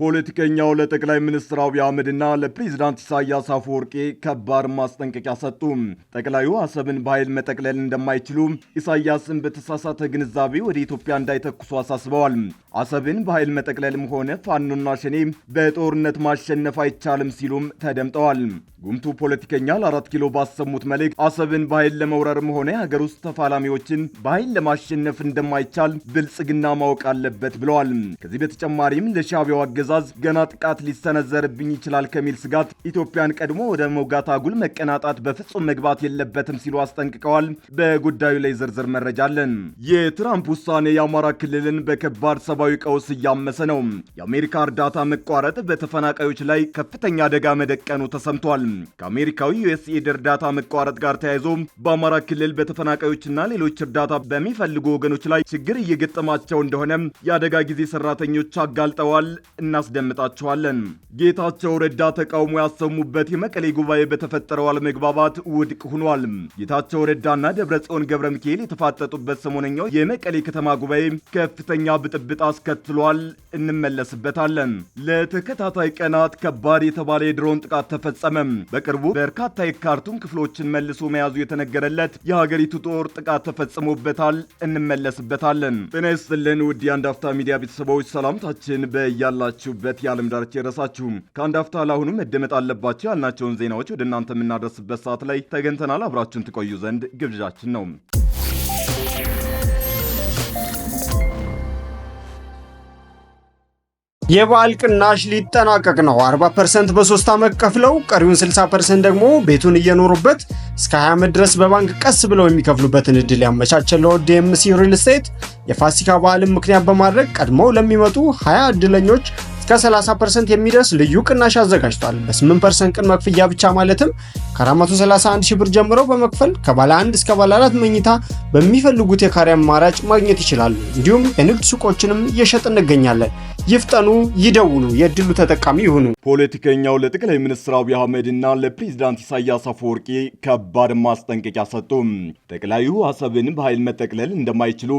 ፖለቲከኛው ለጠቅላይ ሚኒስትር አብይ አህመድና ለፕሬዚዳንት ኢሳያስ አፈወርቄ ከባድ ማስጠንቀቂያ ሰጡ። ጠቅላዩ አሰብን በኃይል መጠቅለል እንደማይችሉ፣ ኢሳያስን በተሳሳተ ግንዛቤ ወደ ኢትዮጵያ እንዳይተኩሱ አሳስበዋል። አሰብን በኃይል መጠቅለልም ሆነ ፋኖና ሸኔ በጦርነት ማሸነፍ አይቻልም ሲሉም ተደምጠዋል። ጉምቱ ፖለቲከኛ ለአራት ኪሎ ባሰሙት መልእክት አሰብን በኃይል ለመውረርም ሆነ የሀገር ውስጥ ተፋላሚዎችን በኃይል ለማሸነፍ እንደማይቻል ብልጽግና ማወቅ አለበት ብለዋል። ከዚህ በተጨማሪም ለሻቢያው አገ አገዛዝ ገና ጥቃት ሊሰነዘርብኝ ይችላል ከሚል ስጋት ኢትዮጵያን ቀድሞ ወደ መውጋት አጉል መቀናጣት በፍጹም መግባት የለበትም ሲሉ አስጠንቅቀዋል። በጉዳዩ ላይ ዝርዝር መረጃ አለን። የትራምፕ ውሳኔ የአማራ ክልልን በከባድ ሰብአዊ ቀውስ እያመሰ ነው። የአሜሪካ እርዳታ መቋረጥ በተፈናቃዮች ላይ ከፍተኛ አደጋ መደቀኑ ተሰምቷል። ከአሜሪካዊ ዩኤስኤድ እርዳታ መቋረጥ ጋር ተያይዞ በአማራ ክልል በተፈናቃዮችና ሌሎች እርዳታ በሚፈልጉ ወገኖች ላይ ችግር እየገጠማቸው እንደሆነ የአደጋ ጊዜ ሰራተኞች አጋልጠዋል እና እናስደምጣቸዋለን። ጌታቸው ረዳ ተቃውሞ ያሰሙበት የመቀሌ ጉባኤ በተፈጠረው አለመግባባት ውድቅ ሆኗል። ጌታቸው ረዳና ደብረጽዮን ገብረ ሚካኤል የተፋጠጡበት ሰሞነኛው የመቀሌ ከተማ ጉባኤ ከፍተኛ ብጥብጥ አስከትሏል። እንመለስበታለን። ለተከታታይ ቀናት ከባድ የተባለ የድሮን ጥቃት ተፈጸመ። በቅርቡ በርካታ የካርቱም ክፍሎችን መልሶ መያዙ የተነገረለት የሀገሪቱ ጦር ጥቃት ተፈጽሞበታል። እንመለስበታለን። ጤና ይስጥልን ውድ የአንድ አፍታ ሚዲያ ቤተሰቦች ሰላምታችን በያላችሁ ባላችሁበት የዓለም ዳርቻ የረሳችሁም ከአንድ አፍታ ለአሁኑ መደመጥ አለባቸው ያልናቸውን ዜናዎች ወደ እናንተ የምናደርስበት ሰዓት ላይ ተገኝተናል። አብራችሁን ትቆዩ ዘንድ ግብዣችን ነው። የበዓል ቅናሽ ሊጠናቀቅ ነው። 40% በሶስት ዓመት ከፍለው ቀሪውን 60% ደግሞ ቤቱን እየኖሩበት እስከ 20 ዓመት ድረስ በባንክ ቀስ ብለው የሚከፍሉበትን እድል ያመቻቸለው ዲኤምሲ ሪል ስቴት የፋሲካ በዓልን ምክንያት በማድረግ ቀድመው ለሚመጡ 20 እድለኞች እስከ 30% የሚደርስ ልዩ ቅናሽ አዘጋጅቷል። በ8% ቅን መክፍያ ብቻ ማለትም ከ431 ሺህ ብር ጀምሮ በመክፈል ከባለ 1 እስከ ባለ 4 መኝታ በሚፈልጉት የካሬ አማራጭ ማግኘት ይችላሉ። እንዲሁም የንግድ ሱቆችንም እየሸጥ እንገኛለን። ይፍጠኑ፣ ይደውሉ፣ የድሉ ተጠቃሚ ይሁኑ። ፖለቲከኛው ለጠቅላይ ሚኒስትር አብይ አህመድ እና ለፕሬዚዳንት ኢሳያስ አፈወርቂ ከባድ ማስጠንቀቂያ ሰጡ። ጠቅላዩ አሰብን በኃይል መጠቅለል እንደማይችሉ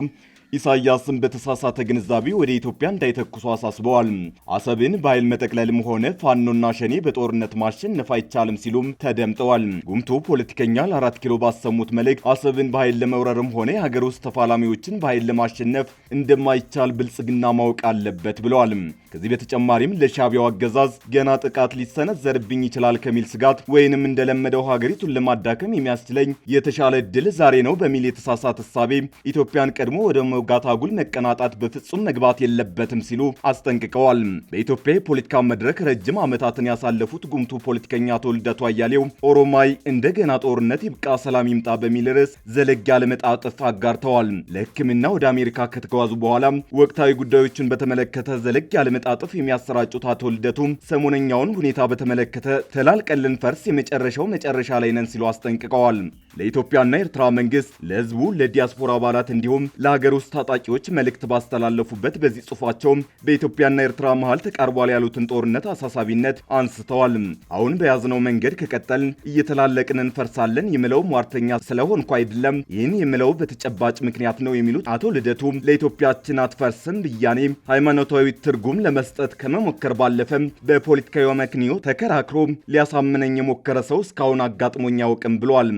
ኢሳያስም በተሳሳተ ግንዛቤ ወደ ኢትዮጵያ እንዳይተኩሱ አሳስበዋል። አሰብን በኃይል መጠቅለልም ሆነ ፋኖና ሸኔ በጦርነት ማሸነፍ አይቻልም ሲሉም ተደምጠዋል። ጉምቱ ፖለቲከኛ ለአራት ኪሎ ባሰሙት መልእክት አሰብን በኃይል ለመውረርም ሆነ የሀገር ውስጥ ተፋላሚዎችን በኃይል ለማሸነፍ እንደማይቻል ብልጽግና ማወቅ አለበት ብለዋል። ከዚህ በተጨማሪም ለሻቢያው አገዛዝ ገና ጥቃት ሊሰነዘርብኝ ይችላል ከሚል ስጋት ወይንም እንደለመደው ሀገሪቱን ለማዳከም የሚያስችለኝ የተሻለ እድል ዛሬ ነው በሚል የተሳሳተ እሳቤ ኢትዮጵያን ቀድሞ ወደ መውጋት አጉል መቀናጣት በፍጹም መግባት የለበትም ሲሉ አስጠንቅቀዋል። በኢትዮጵያ የፖለቲካ መድረክ ረጅም ዓመታትን ያሳለፉት ጉምቱ ፖለቲከኛ አቶ ልደቱ አያሌው ኦሮማይ እንደገና ጦርነት ይብቃ ሰላም ይምጣ በሚል ርዕስ ዘለግ ያለ መጣጥፍ አጋርተዋል። ለሕክምና ወደ አሜሪካ ከተጓዙ በኋላ ወቅታዊ ጉዳዮችን በተመለከተ ዘለግ ያለ መጣጥፍ የሚያሰራጩት አቶ ልደቱ ሰሞነኛውን ሁኔታ በተመለከተ ተላልቀልን ፈርስ የመጨረሻው መጨረሻ ላይ ነን ሲሉ አስጠንቅቀዋል። ለኢትዮጵያና ኤርትራ መንግስት፣ ለህዝቡ፣ ለዲያስፖራ አባላት እንዲሁም ለሀገር ውስጥ ታጣቂዎች መልእክት ባስተላለፉበት በዚህ ጽሁፋቸውም በኢትዮጵያና ኤርትራ መሀል ተቃርቧል ያሉትን ጦርነት አሳሳቢነት አንስተዋል። አሁን በያዝነው መንገድ ከቀጠልን እየተላለቅን እንፈርሳለን የምለው ሟርተኛ ስለሆንኩ አይደለም፣ ይህን የምለው በተጨባጭ ምክንያት ነው የሚሉት አቶ ልደቱ ለኢትዮጵያችን አትፈርስም ብያኔ ሃይማኖታዊ ትርጉም ለመስጠት ከመሞከር ባለፈም በፖለቲካዊ መክንዮ ተከራክሮ ሊያሳምነኝ የሞከረ ሰው እስካሁን አጋጥሞኝ ያውቅም ብሏል።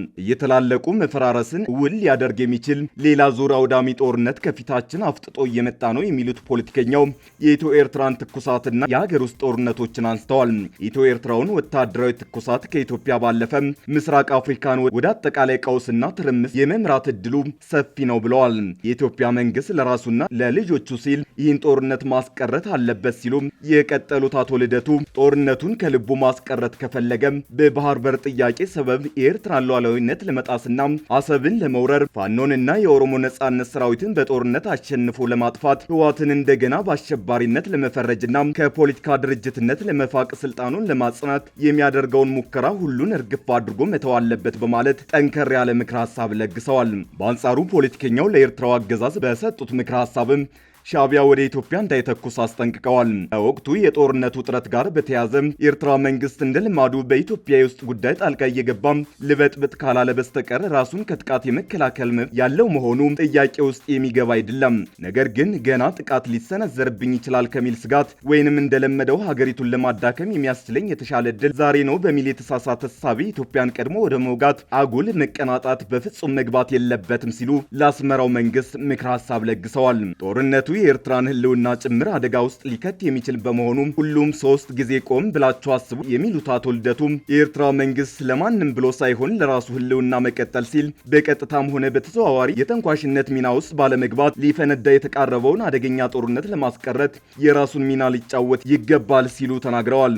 እየተላለቁ መፈራረስን ውል ሊያደርግ የሚችል ሌላ ዙር አውዳሚ ጦርነት ከፊታችን አፍጥጦ እየመጣ ነው የሚሉት ፖለቲከኛው የኢትዮ ኤርትራን ትኩሳትና የሀገር ውስጥ ጦርነቶችን አንስተዋል። ኢትዮ ኤርትራውን ወታደራዊ ትኩሳት ከኢትዮጵያ ባለፈ ምስራቅ አፍሪካን ወደ አጠቃላይ ቀውስና ትርምስ የመምራት እድሉ ሰፊ ነው ብለዋል። የኢትዮጵያ መንግስት ለራሱና ለልጆቹ ሲል ይህን ጦርነት ማስቀረት አለበት ሲሉ የቀጠሉት አቶ ልደቱ ጦርነቱን ከልቡ ማስቀረት ከፈለገ በባህር በር ጥያቄ ሰበብ የኤርትራን ሉዓላዊነት ለመጣስና አሰብን ለመውረር ፋኖንና የኦሮሞ ነጻነት ሰራዊትን በጦርነት አሸንፎ ለማጥፋት ህዋትን እንደገና በአሸባሪነት ለመፈረጅና ከፖለቲካ ድርጅትነት ለመፋቅ ስልጣኑን ለማጽናት የሚያደርገውን ሙከራ ሁሉን እርግፍ አድርጎ መተው አለበት በማለት ጠንከር ያለ ምክር ሀሳብ ለግሰዋል። በአንጻሩ ፖለቲከኛው ለኤርትራው አገዛዝ በሰጡት ምክር ሀሳብም ሻቢያ ወደ ኢትዮጵያ እንዳይተኩስ አስጠንቅቀዋል። ከወቅቱ የጦርነት ውጥረት ጋር በተያያዘ የኤርትራ መንግስት እንደ ልማዱ በኢትዮጵያ የውስጥ ጉዳይ ጣልቃ እየገባም ልበጥብጥ ካላለ በስተቀር ራሱን ከጥቃት የመከላከል መብት ያለው መሆኑ ጥያቄ ውስጥ የሚገባ አይደለም። ነገር ግን ገና ጥቃት ሊሰነዘርብኝ ይችላል ከሚል ስጋት ወይንም እንደለመደው ሀገሪቱን ለማዳከም የሚያስችለኝ የተሻለ እድል ዛሬ ነው በሚል የተሳሳተ ሳቢ ኢትዮጵያን ቀድሞ ወደ መውጋት አጉል መቀናጣት በፍጹም መግባት የለበትም ሲሉ ለአስመራው መንግስት ምክር ሀሳብ ለግሰዋል። ጦርነቱ የኤርትራን ህልውና ጭምር አደጋ ውስጥ ሊከት የሚችል በመሆኑም ሁሉም ሶስት ጊዜ ቆም ብላችሁ አስቡ የሚሉት አቶ ልደቱ የኤርትራ መንግስት ለማንም ብሎ ሳይሆን ለራሱ ህልውና መቀጠል ሲል በቀጥታም ሆነ በተዘዋዋሪ የተንኳሽነት ሚና ውስጥ ባለመግባት ሊፈነዳ የተቃረበውን አደገኛ ጦርነት ለማስቀረት የራሱን ሚና ሊጫወት ይገባል ሲሉ ተናግረዋል።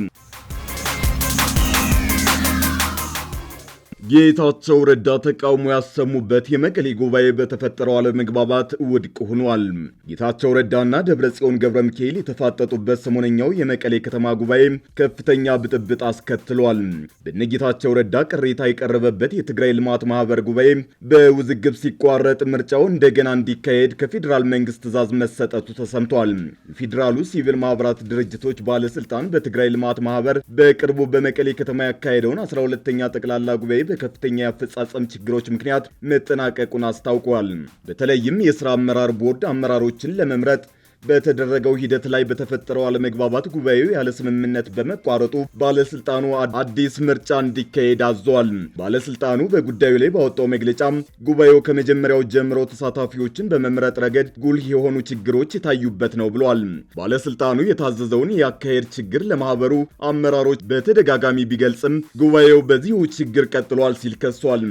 ጌታቸው ረዳ ተቃውሞ ያሰሙበት የመቀሌ ጉባኤ በተፈጠረው አለመግባባት ውድቅ ሆኗል። ጌታቸው ረዳና ደብረጽዮን ገብረ ሚካኤል የተፋጠጡበት ሰሞነኛው የመቀሌ ከተማ ጉባኤ ከፍተኛ ብጥብጥ አስከትሏል። በነ ጌታቸው ረዳ ቅሬታ የቀረበበት የትግራይ ልማት ማህበር ጉባኤ በውዝግብ ሲቋረጥ ምርጫው እንደገና እንዲካሄድ ከፌዴራል መንግስት ትዕዛዝ መሰጠቱ ተሰምቷል። የፌዴራሉ ሲቪል ማህበራት ድርጅቶች ባለስልጣን በትግራይ ልማት ማህበር በቅርቡ በመቀሌ ከተማ ያካሄደውን 12ኛ ጠቅላላ ጉባኤ በከፍተኛ የአፈጻጸም ችግሮች ምክንያት መጠናቀቁን አስታውቋል። በተለይም የስራ አመራር ቦርድ አመራሮችን ለመምረጥ በተደረገው ሂደት ላይ በተፈጠረው አለመግባባት ጉባኤው ያለ ስምምነት በመቋረጡ ባለስልጣኑ አዲስ ምርጫ እንዲካሄድ አዟል። ባለስልጣኑ በጉዳዩ ላይ ባወጣው መግለጫ ጉባኤው ከመጀመሪያው ጀምሮ ተሳታፊዎችን በመምረጥ ረገድ ጉልህ የሆኑ ችግሮች የታዩበት ነው ብሏል። ባለስልጣኑ የታዘዘውን የአካሄድ ችግር ለማህበሩ አመራሮች በተደጋጋሚ ቢገልጽም ጉባኤው በዚሁ ችግር ቀጥሏል ሲል ከሷል።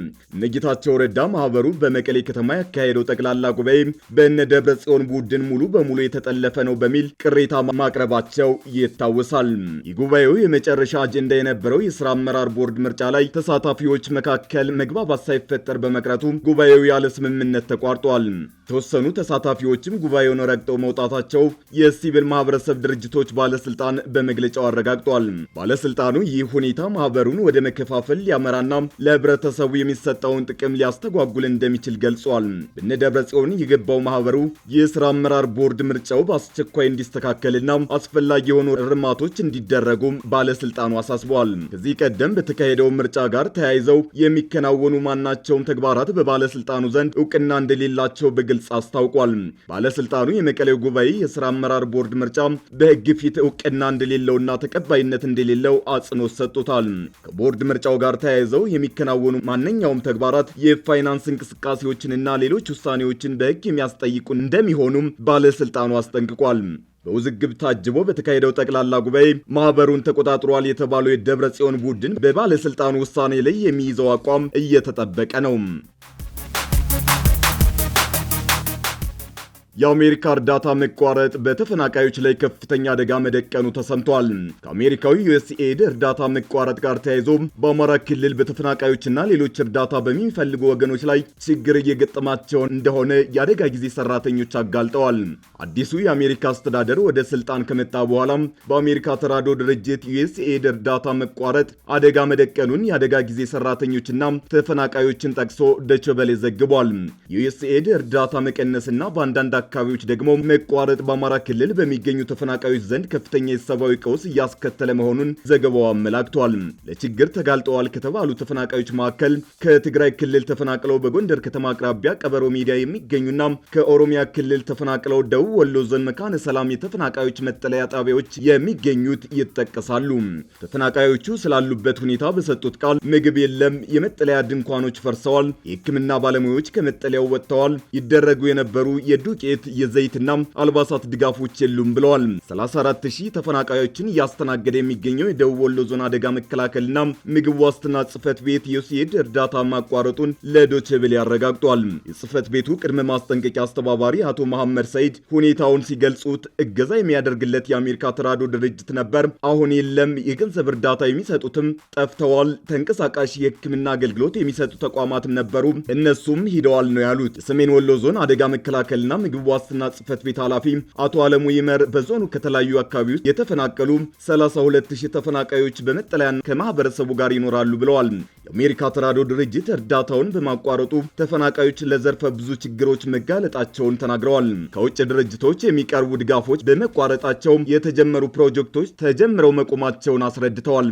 ነጌታቸው ረዳ ማህበሩ በመቀሌ ከተማ ያካሄደው ጠቅላላ ጉባኤ በእነ ደብረ ጽዮን ቡድን ሙሉ በሙሉ የተ የተጠለፈ ነው በሚል ቅሬታ ማቅረባቸው ይታወሳል። የጉባኤው የመጨረሻ አጀንዳ የነበረው የስራ አመራር ቦርድ ምርጫ ላይ ተሳታፊዎች መካከል መግባባት ሳይፈጠር በመቅረቱ ጉባኤው ያለ ስምምነት ተቋርጧል። የተወሰኑ ተሳታፊዎችም ጉባኤውን ረግጠው መውጣታቸው የሲቪል ማህበረሰብ ድርጅቶች ባለስልጣን በመግለጫው አረጋግጧል። ባለስልጣኑ ይህ ሁኔታ ማህበሩን ወደ መከፋፈል ሊያመራና ለህብረተሰቡ የሚሰጠውን ጥቅም ሊያስተጓጉል እንደሚችል ገልጿል። በነ ደብረ ጽዮን የገባው ማህበሩ የስራ አመራር ቦርድ ምርጫ ምርጫው በአስቸኳይ እንዲስተካከልና አስፈላጊ የሆኑ እርማቶች እንዲደረጉ ባለስልጣኑ አሳስበዋል። ከዚህ ቀደም በተካሄደው ምርጫ ጋር ተያይዘው የሚከናወኑ ማናቸውም ተግባራት በባለስልጣኑ ዘንድ እውቅና እንደሌላቸው በግልጽ አስታውቋል። ባለስልጣኑ የመቀሌው ጉባኤ የስራ አመራር ቦርድ ምርጫ በህግ ፊት እውቅና እንደሌለውና ተቀባይነት እንደሌለው አጽንኦት ሰጥቶታል። ከቦርድ ምርጫው ጋር ተያይዘው የሚከናወኑ ማንኛውም ተግባራት የፋይናንስ እንቅስቃሴዎችንና ሌሎች ውሳኔዎችን በህግ የሚያስጠይቁ እንደሚሆኑም ባለስልጣኑ አስጠንቅቋል። በውዝግብ ታጅቦ በተካሄደው ጠቅላላ ጉባኤ ማህበሩን ተቆጣጥሯል የተባለው የደብረ ጽዮን ቡድን በባለስልጣኑ ውሳኔ ላይ የሚይዘው አቋም እየተጠበቀ ነው። የአሜሪካ እርዳታ መቋረጥ በተፈናቃዮች ላይ ከፍተኛ አደጋ መደቀኑ ተሰምቷል። ከአሜሪካዊ ዩኤስኤድ እርዳታ መቋረጥ ጋር ተያይዞ በአማራ ክልል በተፈናቃዮችና ሌሎች እርዳታ በሚፈልጉ ወገኖች ላይ ችግር እየገጠማቸው እንደሆነ የአደጋ ጊዜ ሰራተኞች አጋልጠዋል። አዲሱ የአሜሪካ አስተዳደር ወደ ስልጣን ከመጣ በኋላም በአሜሪካ ተራዶ ድርጅት ዩኤስኤድ እርዳታ መቋረጥ አደጋ መደቀኑን የአደጋ ጊዜ ሰራተኞችና ተፈናቃዮችን ጠቅሶ ደቸበሌ ዘግቧል። ዩኤስኤድ እርዳታ መቀነስና በአንዳንድ አካባቢዎች ደግሞ መቋረጥ በአማራ ክልል በሚገኙ ተፈናቃዮች ዘንድ ከፍተኛ የሰብአዊ ቀውስ እያስከተለ መሆኑን ዘገባው አመላክቷል። ለችግር ተጋልጠዋል ከተባሉ ተፈናቃዮች መካከል ከትግራይ ክልል ተፈናቅለው በጎንደር ከተማ አቅራቢያ ቀበሮ ሜዳ የሚገኙና ከኦሮሚያ ክልል ተፈናቅለው ደቡብ ወሎ ዞን መካነ ሰላም የተፈናቃዮች መጠለያ ጣቢያዎች የሚገኙት ይጠቀሳሉ። ተፈናቃዮቹ ስላሉበት ሁኔታ በሰጡት ቃል ምግብ የለም፣ የመጠለያ ድንኳኖች ፈርሰዋል፣ የሕክምና ባለሙያዎች ከመጠለያው ወጥተዋል፣ ይደረጉ የነበሩ የዱቄ የዱቄት የዘይትና አልባሳት ድጋፎች የሉም ብለዋል። 34000 ተፈናቃዮችን እያስተናገደ የሚገኘው የደቡብ ወሎ ዞን አደጋ መከላከልና ምግብ ዋስትና ጽህፈት ቤት የሲድ እርዳታ ማቋረጡን ለዶችብል ያረጋግጧል። የጽህፈት ቤቱ ቅድመ ማስጠንቀቂያ አስተባባሪ አቶ መሐመድ ሰይድ ሁኔታውን ሲገልጹት እገዛ የሚያደርግለት የአሜሪካ ተራዶ ድርጅት ነበር፣ አሁን የለም። የገንዘብ እርዳታ የሚሰጡትም ጠፍተዋል። ተንቀሳቃሽ የህክምና አገልግሎት የሚሰጡ ተቋማትም ነበሩ፣ እነሱም ሂደዋል ነው ያሉት። የሰሜን ወሎ ዞን አደጋ መከላከልና ምግብ ክልል ዋስትና ጽህፈት ቤት ኃላፊ አቶ አለሙ ይመር በዞኑ ከተለያዩ አካባቢዎች የተፈናቀሉ 32000 ተፈናቃዮች በመጠለያ ከማህበረሰቡ ጋር ይኖራሉ ብለዋል። የአሜሪካ ተራድኦ ድርጅት እርዳታውን በማቋረጡ ተፈናቃዮች ለዘርፈ ብዙ ችግሮች መጋለጣቸውን ተናግረዋል። ከውጭ ድርጅቶች የሚቀርቡ ድጋፎች በመቋረጣቸው የተጀመሩ ፕሮጀክቶች ተጀምረው መቆማቸውን አስረድተዋል።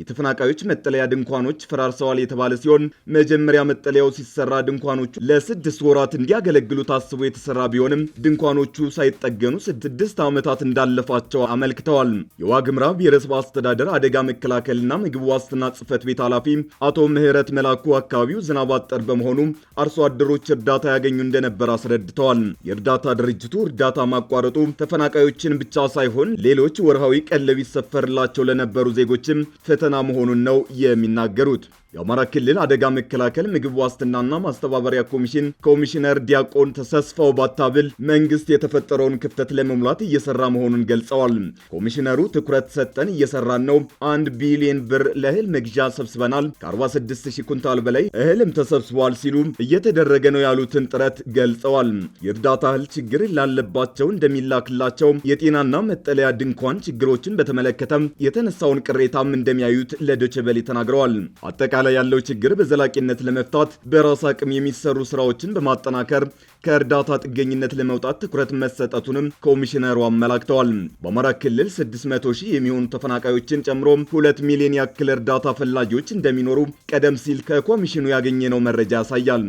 የተፈናቃዮች መጠለያ ድንኳኖች ፈራርሰዋል የተባለ ሲሆን መጀመሪያ መጠለያው ሲሰራ ድንኳኖቹ ለስድስት ወራት እንዲያገለግሉ ታስቦ የተሰራ ቢሆንም ድንኳኖቹ ሳይጠገኑ ስድስት ዓመታት እንዳለፋቸው አመልክተዋል። የዋግምራ ብሔረሰብ አስተዳደር አደጋ መከላከልና ምግብ ዋስትና ጽህፈት ቤት ኃላፊ አቶ ምህረት መላኩ አካባቢው ዝናብ አጠር በመሆኑ አርሶ አደሮች እርዳታ ያገኙ እንደነበር አስረድተዋል። የእርዳታ ድርጅቱ እርዳታ ማቋረጡ ተፈናቃዮችን ብቻ ሳይሆን ሌሎች ወርሃዊ ቀለብ ይሰፈርላቸው ለነበሩ ዜጎችም ፈተና ፈተና መሆኑን ነው የሚናገሩት። የአማራ ክልል አደጋ መከላከል ምግብ ዋስትናና ማስተባበሪያ ኮሚሽን ኮሚሽነር ዲያቆን ተሰስፋው ባታብል መንግስት የተፈጠረውን ክፍተት ለመሙላት እየሰራ መሆኑን ገልጸዋል። ኮሚሽነሩ ትኩረት ሰጠን እየሰራን ነው፣ አንድ ቢሊዮን ብር ለእህል መግዣ ሰብስበናል፣ ከ46 ሺህ ኩንታል በላይ እህልም ተሰብስቧል ሲሉ እየተደረገ ነው ያሉትን ጥረት ገልጸዋል። የእርዳታ እህል ችግር ላለባቸው እንደሚላክላቸው፣ የጤናና መጠለያ ድንኳን ችግሮችን በተመለከተም የተነሳውን ቅሬታም እንደሚያዩት ለዶቸበሌ ተናግረዋል። አጠቃ ላይ ያለው ችግር በዘላቂነት ለመፍታት በራስ አቅም የሚሰሩ ስራዎችን በማጠናከር ከእርዳታ ጥገኝነት ለመውጣት ትኩረት መሰጠቱንም ኮሚሽነሩ አመላክተዋል። በአማራ ክልል 600 ሺህ የሚሆኑ ተፈናቃዮችን ጨምሮ 2 ሚሊዮን ያክል እርዳታ ፈላጊዎች እንደሚኖሩ ቀደም ሲል ከኮሚሽኑ ያገኘነው መረጃ ያሳያል።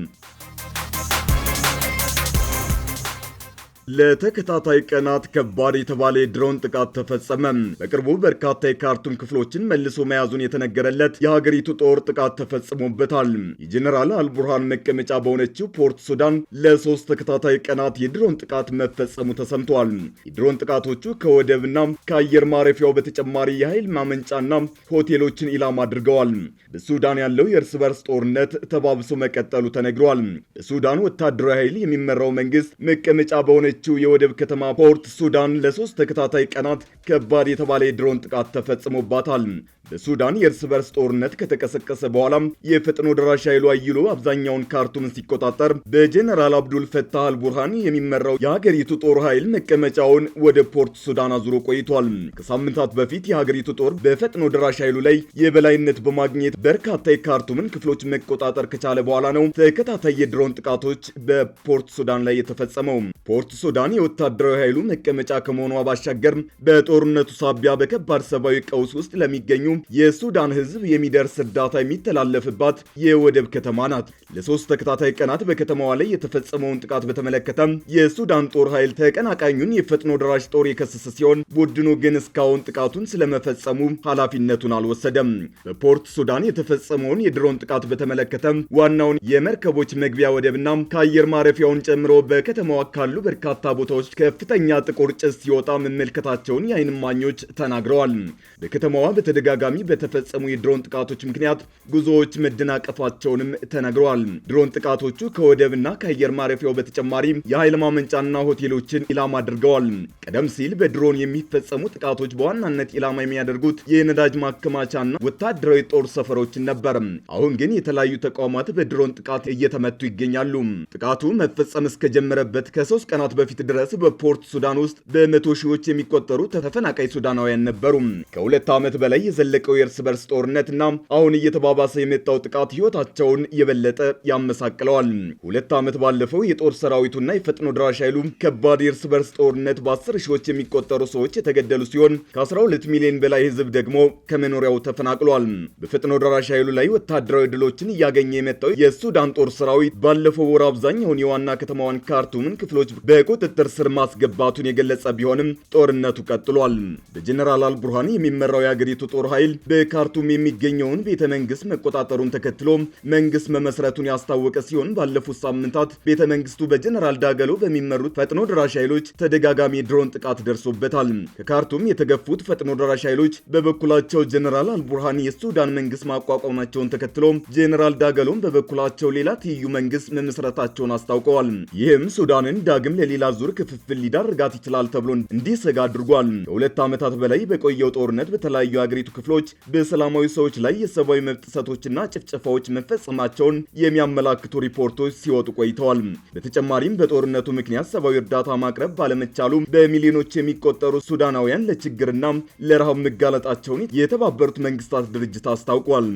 ለተከታታይ ቀናት ከባድ የተባለ የድሮን ጥቃት ተፈጸመ። በቅርቡ በርካታ የካርቱም ክፍሎችን መልሶ መያዙን የተነገረለት የሀገሪቱ ጦር ጥቃት ተፈጽሞበታል። የጀኔራል አልቡርሃን መቀመጫ በሆነችው ፖርት ሱዳን ለሶስት ተከታታይ ቀናት የድሮን ጥቃት መፈጸሙ ተሰምቷል። የድሮን ጥቃቶቹ ከወደብና ከአየር ማረፊያው በተጨማሪ የኃይል ማመንጫና ሆቴሎችን ኢላማ አድርገዋል። በሱዳን ያለው የእርስ በርስ ጦርነት ተባብሶ መቀጠሉ ተነግሯል። በሱዳን ወታደራዊ ኃይል የሚመራው መንግስት መቀመጫ በሆነች በሆነችው የወደብ ከተማ ፖርት ሱዳን ለሶስት ተከታታይ ቀናት ከባድ የተባለ የድሮን ጥቃት ተፈጽሞባታል። በሱዳን የእርስ በርስ ጦርነት ከተቀሰቀሰ በኋላ የፈጥኖ ደራሽ ኃይሉ አይሎ አብዛኛውን ካርቱምን ሲቆጣጠር በጀነራል አብዱል ፈታህ አልቡርሃን የሚመራው የሀገሪቱ ጦር ኃይል መቀመጫውን ወደ ፖርት ሱዳን አዙሮ ቆይቷል። ከሳምንታት በፊት የሀገሪቱ ጦር በፈጥኖ ደራሽ ኃይሉ ላይ የበላይነት በማግኘት በርካታ የካርቱምን ክፍሎች መቆጣጠር ከቻለ በኋላ ነው ተከታታይ የድሮን ጥቃቶች በፖርት ሱዳን ላይ የተፈጸመው። ፖርት ሱዳን የወታደራዊ ኃይሉ መቀመጫ ከመሆኗ ባሻገር በጦርነቱ ሳቢያ በከባድ ሰብአዊ ቀውስ ውስጥ ለሚገኙ የሱዳን ህዝብ የሚደርስ እርዳታ የሚተላለፍባት የወደብ ከተማ ናት። ለሶስት ተከታታይ ቀናት በከተማዋ ላይ የተፈጸመውን ጥቃት በተመለከተ የሱዳን ጦር ኃይል ተቀናቃኙን የፈጥኖ ደራሽ ጦር የከሰሰ ሲሆን ቡድኑ ግን እስካሁን ጥቃቱን ስለመፈጸሙ ኃላፊነቱን አልወሰደም። በፖርት ሱዳን የተፈጸመውን የድሮን ጥቃት በተመለከተ ዋናውን የመርከቦች መግቢያ ወደብና ከአየር ማረፊያውን ጨምሮ በከተማዋ ካሉ በርካታ ቦታዎች ከፍተኛ ጥቁር ጭስ ሲወጣ መመልከታቸውን የአይን እማኞች ተናግረዋል። በከተማዋ በተደጋጋሚ በተደጋጋሚ በተፈጸሙ የድሮን ጥቃቶች ምክንያት ጉዞዎች መደናቀፋቸውንም ተነግረዋል። ድሮን ጥቃቶቹ ከወደብና ከአየር ማረፊያው በተጨማሪ የኃይል ማመንጫና ሆቴሎችን ኢላማ አድርገዋል። ቀደም ሲል በድሮን የሚፈጸሙ ጥቃቶች በዋናነት ኢላማ የሚያደርጉት የነዳጅ ማከማቻና ወታደራዊ ጦር ሰፈሮችን ነበር። አሁን ግን የተለያዩ ተቋማት በድሮን ጥቃት እየተመቱ ይገኛሉ። ጥቃቱ መፈጸም እስከጀመረበት ከሶስት ቀናት በፊት ድረስ በፖርት ሱዳን ውስጥ በመቶ ሺዎች የሚቆጠሩ ተፈናቃይ ሱዳናውያን ነበሩ። ከሁለት ዓመት በላይ የዘለ የዘለቀው የእርስ በርስ ጦርነትና አሁን እየተባባሰ የመጣው ጥቃት ህይወታቸውን የበለጠ ያመሳቅለዋል። ሁለት ዓመት ባለፈው የጦር ሰራዊቱና የፈጥኖ ድራሽ ኃይሉ ከባድ የእርስ በርስ ጦርነት በአስር ሺዎች የሚቆጠሩ ሰዎች የተገደሉ ሲሆን ከ12 ሚሊዮን በላይ ህዝብ ደግሞ ከመኖሪያው ተፈናቅሏል። በፈጥኖ ድራሽ ኃይሉ ላይ ወታደራዊ ድሎችን እያገኘ የመጣው የሱዳን ጦር ሰራዊት ባለፈው ወር አብዛኛውን የዋና ከተማዋን ካርቱምን ክፍሎች በቁጥጥር ስር ማስገባቱን የገለጸ ቢሆንም ጦርነቱ ቀጥሏል። በጀነራል አልቡርሃን የሚመራው የአገሪቱ ጦር ኃይል ኃይል በካርቱም የሚገኘውን ቤተ መንግስት መቆጣጠሩን ተከትሎ መንግስት መመስረቱን ያስታወቀ ሲሆን ባለፉት ሳምንታት ቤተ መንግስቱ በጀነራል ዳገሎ በሚመሩት ፈጥኖ ደራሽ ኃይሎች ተደጋጋሚ ድሮን ጥቃት ደርሶበታል። ከካርቱም የተገፉት ፈጥኖ ደራሽ ኃይሎች በበኩላቸው ጀነራል አልቡርሃን የሱዳን መንግስት ማቋቋማቸውን ተከትሎ ጀነራል ዳገሎን በበኩላቸው ሌላ ትይዩ መንግስት መመስረታቸውን አስታውቀዋል። ይህም ሱዳንን ዳግም ለሌላ ዙር ክፍፍል ሊዳርጋት ይችላል ተብሎ እንዲሰጋ አድርጓል። ከሁለት ዓመታት በላይ በቆየው ጦርነት በተለያዩ የአገሪቱ ክፍሎች ክፍሎች በሰላማዊ ሰዎች ላይ የሰብአዊ መብት ጥሰቶችና ጭፍጨፋዎች መፈጸማቸውን የሚያመላክቱ ሪፖርቶች ሲወጡ ቆይተዋል። በተጨማሪም በጦርነቱ ምክንያት ሰብአዊ እርዳታ ማቅረብ ባለመቻሉ በሚሊዮኖች የሚቆጠሩ ሱዳናውያን ለችግርና ለረሃብ መጋለጣቸውን የተባበሩት መንግስታት ድርጅት አስታውቋል።